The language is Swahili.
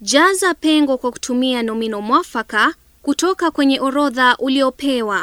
Jaza pengo kwa kutumia nomino mwafaka kutoka kwenye orodha uliopewa.